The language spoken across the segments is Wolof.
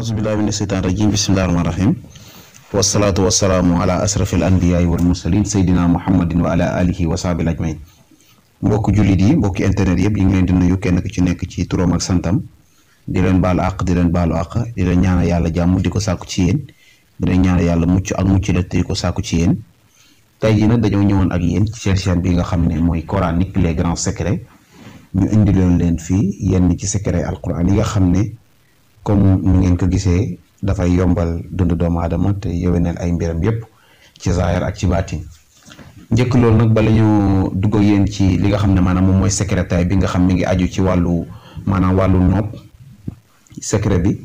أعوذ بالله من الشيطان الرجيم بسم الله الرحمن الرحيم والصلاة والسلام على أشرف wa والمرسلين سيدنا محمد وعلى آله وصحبه أجمعين mbokk internet yëpp yi ngi leen di nuyu kenn ku ci nekk ci turam ak santam di leen baal àq di leen baalu àq di leen ñaanal yàlla jàmm di ko sàkku ci yéen di leen ñaanal yàlla mucc ak mucc la di ko sàkku ci yéen tey jii nag dañoo ñëwoon ak yéen ci seen chaîne bi nga xam ne coranique les grands secrets ñu indiloon leen fii yenn ci secret alquran yi nga xam comme mu ngeen ko gisee dafay yombal dund doomu aadama te yowéneel ay mbiram yépp ci zaahir ak ci baatin njëkk loolu nag bala ñu dugg ak yéen ci li nga xam ne maanaam moom mooy secrétaire bi nga xam mi ngi aju ci wàllu maanaam wàllu noob secret bi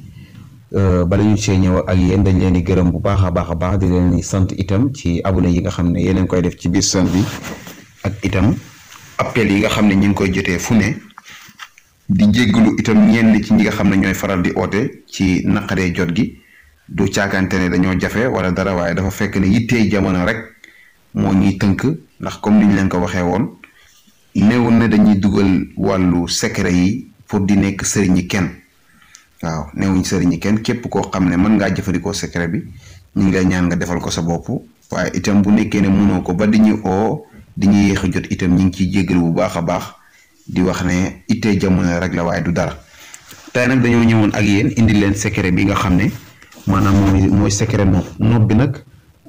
euh, bala ñu see ñëw ak yéen dañ leen di gërëm bu baax a baax a baax di leen di sant itam ci abonné yi nga xam ne yéen koy def ci biir seen bi ak itam appel yi nga xam ne ñu ngi koy jotee fu ne di jéggalu itam ñenn ci ñi nga xam ne ñooy faral di oote ci naqaree jot gi du caagante ne dañoo jafe wala dara waaye dafa fekk ne yittee jamono rek moo ñuy tënk ndax comme niñ leen ko waxee woon néewoon ne dañuy dugal wàllu secret yi pour di nekk sëriñi kenn waaw néewuñ sëriñi kenn képp koo xam ne mën ngaa jëfandikoo secret bi ñu ngay lay ñaan nga defal ko sa bopp waaye itam bu nekkee ne mënoo ko ba di ñu oo di ñu yéex a jot itam ñu ngi ciy jéggalu bu baax a baax. di wax ne ittee jamono rek la waaye du dara tey nag dañoo ñëwoon ak yéen indi leen secret bi nga xam ne maanaam mooy mooy secret noob noob bi nag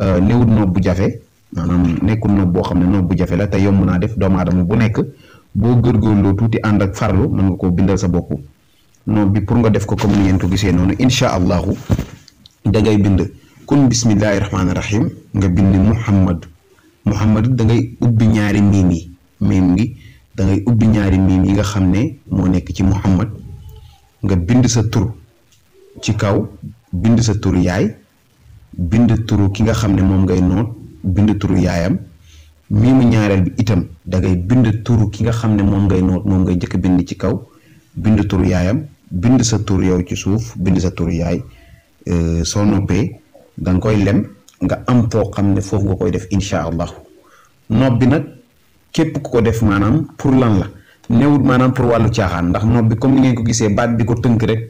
euh, néewut noob bu jafe maanaam nekkul noob boo xam ne noob bu jafe la te yomb naa def doomu aadama bu nekk boo góorgóorloo tuuti ànd ak farlu mën nga koo bindal sa bopp noob bi pour nga def ko comme ni ngeen ko gisee noonu incha allahu dangay bind kun bismillahi rahmaani rahim nga bind muhammad muhammad da ngay ubbi ñaari miim yi miim gi dangay ubbi ñaari miim yi nga xam ne moo nekk ci Muhammad nga bind sa tur ci kaw bind sa tur yaay bind tur ki nga xam ne moom ngay noot bind turu yaayam miimu itam da bind turu ki nga xam ne moom ngay noot moom ngay njëkk bind ci kaw bind turu yaayam bind sa tur yow ci suuf bind sa tur yaay euh, soo noppee da nga koy lem nga am foo xam ne foofu nga koy def incha allahu nopp nag képp ku ko def maanaam pour lan la newut maanaam pour wàllu caaxaan ndax noot bi comme ni ngeen ko gisee baat bi ko tënk rek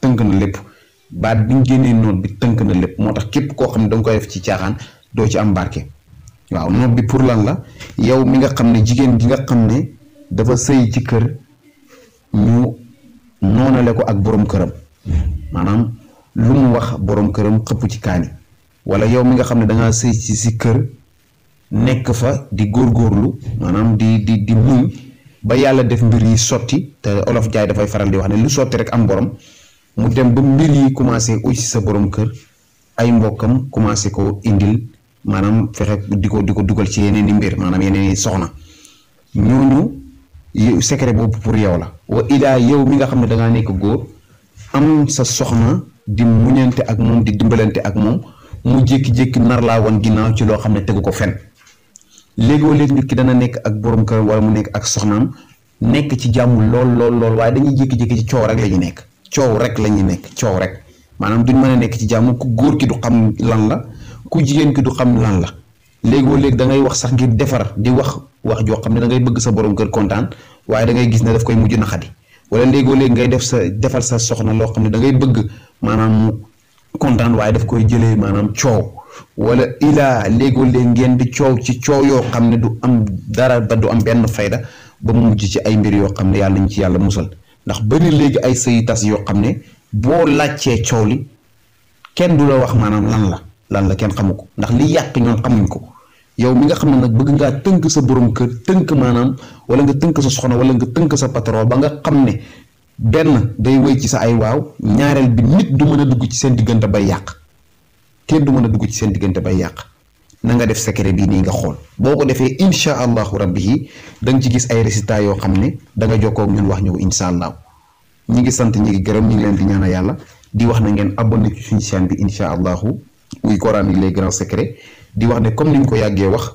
tënk na lépp baat bi ñu génnee noot bi tënk na lépp moo tax képp koo xam ne danga koy def ci caaxaan doo ci am barke waaw noot bi pour lan la yow mi nga xam ne jigéen gi nga xam ne dafa sëy ci kër ñu noonale ko ak borom këram maanaam lu mu wax borom këram xëpp ci kaani wala yow mi nga xam ne dangaa sëy ci si kër nekk fa di góor góorlu maanaam di di di muñ ba yàlla def mbir yi sotti te olof jaay dafay faral di wax ne lu sotti rek am borom mu dem ba mbir yi commencé aussi sa borom kër ay mbokkam commencé ko indil maanaam fexe di ko di ko dugal ci yeneen i mbir maanaam yeneen yi soxna ñooñu secret boobu pour yow la wa ilaa yow mi nga xam ne dangaa nekk góor am sa soxna di muñante ak moom di dimbalante ak moom mu jékki-jékki nar laa woon ginnaaw ci loo xam ne tegu ko fen léegoo léeg nit ki dana nekk ak borom këram wala mu nekk ak soxnaam nekk ci jàmm lool lool lool waaye dañuy jékki-jékki ci coow rek la ñu nekk coow rek la ñu nekk coow rek maanaam duñ mën a nekk ci jàmm ku góor ki du xam lan la ku jigéen ki du xam lan la léegoo léeg da ngay wax sax ngir defar di wax wax joo xam ne da ngay bëgg sa borom kër kontaan waaye da ngay gis ne daf koy mujj naxadi wala léegoo léeg ngay def sa defal sa soxna loo xam ne da ngay bëgg maanaam kontaan waaye daf koy jëlee maanaam coow. wala ilaa léegoo léeg ngeen di coow ci coow yoo xam ne du am dara ba du am benn fayda ba mu mujj ci ay mbir yoo xam ne yàlla ñu ci yàlla musal ndax bari léegi ay sëyi tas yoo xam ne boo laajtee coow li kenn du la wax maanaam lan la lan la kenn xamu ko ndax li yàq ñoom xamuñ ko yow mi nga xam ne nag bëgg ngaa tënk sa boroom kër tënk maanaam wala nga tënk sa soxna walla nga tënk sa patron ba nga xam ne benn day wéy ci sa ay waaw ñaareel bi nit du mën a dugg ci seen diggante bay yàq kenn du mëna dugg ci seen digënté bay yaq na nga def secret bi ni nga xol boko defé insha Allah allahu rabbi da nga ci gis ay résultats yo xamné ne da nga jokkoo ñun wax ñu insha allah ñi ngi sant ñi ngi gërëm ñi ngi leen di ñaanal yalla di wax na ngeen abonné ci suñu chaîne bi insha allahu muy coran les grands secrets di wax ne comme niñ ko yàggee wax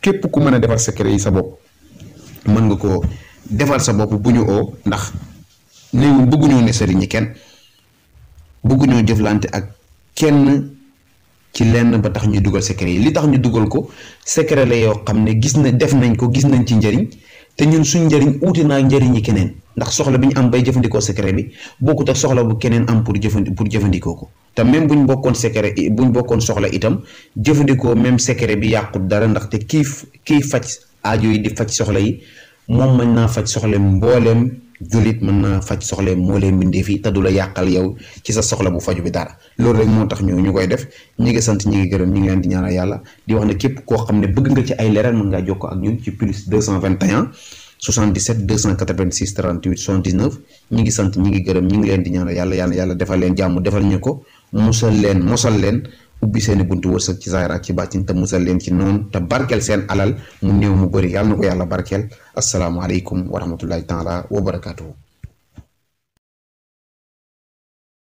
képp ku mëna défar secret yi sa bop mën nga ko défar sa bop buñu o oo ndax néew bëgguñoo ne sëriñ ñi kenn ñu jëflanté ak kenn. ci lenn ba tax ñu dugal secret yi li tax ñu dugal ko secret la yoo xam ne gis na def nañ ko gis nañ ci njëriñ te ñun suñ njëriñ uuti naa njëriñi keneen ndax soxla bi ñu am bay jëfandikoo secret bi bokkut ak soxla bu keneen am pour jëfandi pour jëfandikoo ko te même buñ bokkoon secret buñ bokkoon soxla itam jëfandikoo même secret bi yàqut dara ndaxte kii kii faj aajo yi di faj soxla yi moom mën naa faj soxla mbooleem jullit mën naa faj soxle moo leen bindee fii te du la yàqal yow ci sa soxla bu faju bi dara loolu rek moo tax ñu ñu koy def ñi ngi sant ñi ngi gërëm ñi ngi leen di ñaanal yàlla di wax ne képp koo xam ne bëgg nga ci ay leeral mën ngaa jokkoo ak ñun ci plus 221 77 286 ngi sant ñi ngi gërëm ñi ngi leen di ñaanal yàlla yàlla yàlla defal leen jàmm defal ñu ko musal leen mosal leen ubbi seeni buntu sa ci zaahir ak ci baatin te musal leen ci noonu te barkeel seen alal mu néew mu bëri yàlla na ko yàlla barkeel asalaamualeykum wa rahmatullahi taala wa barakaatuhu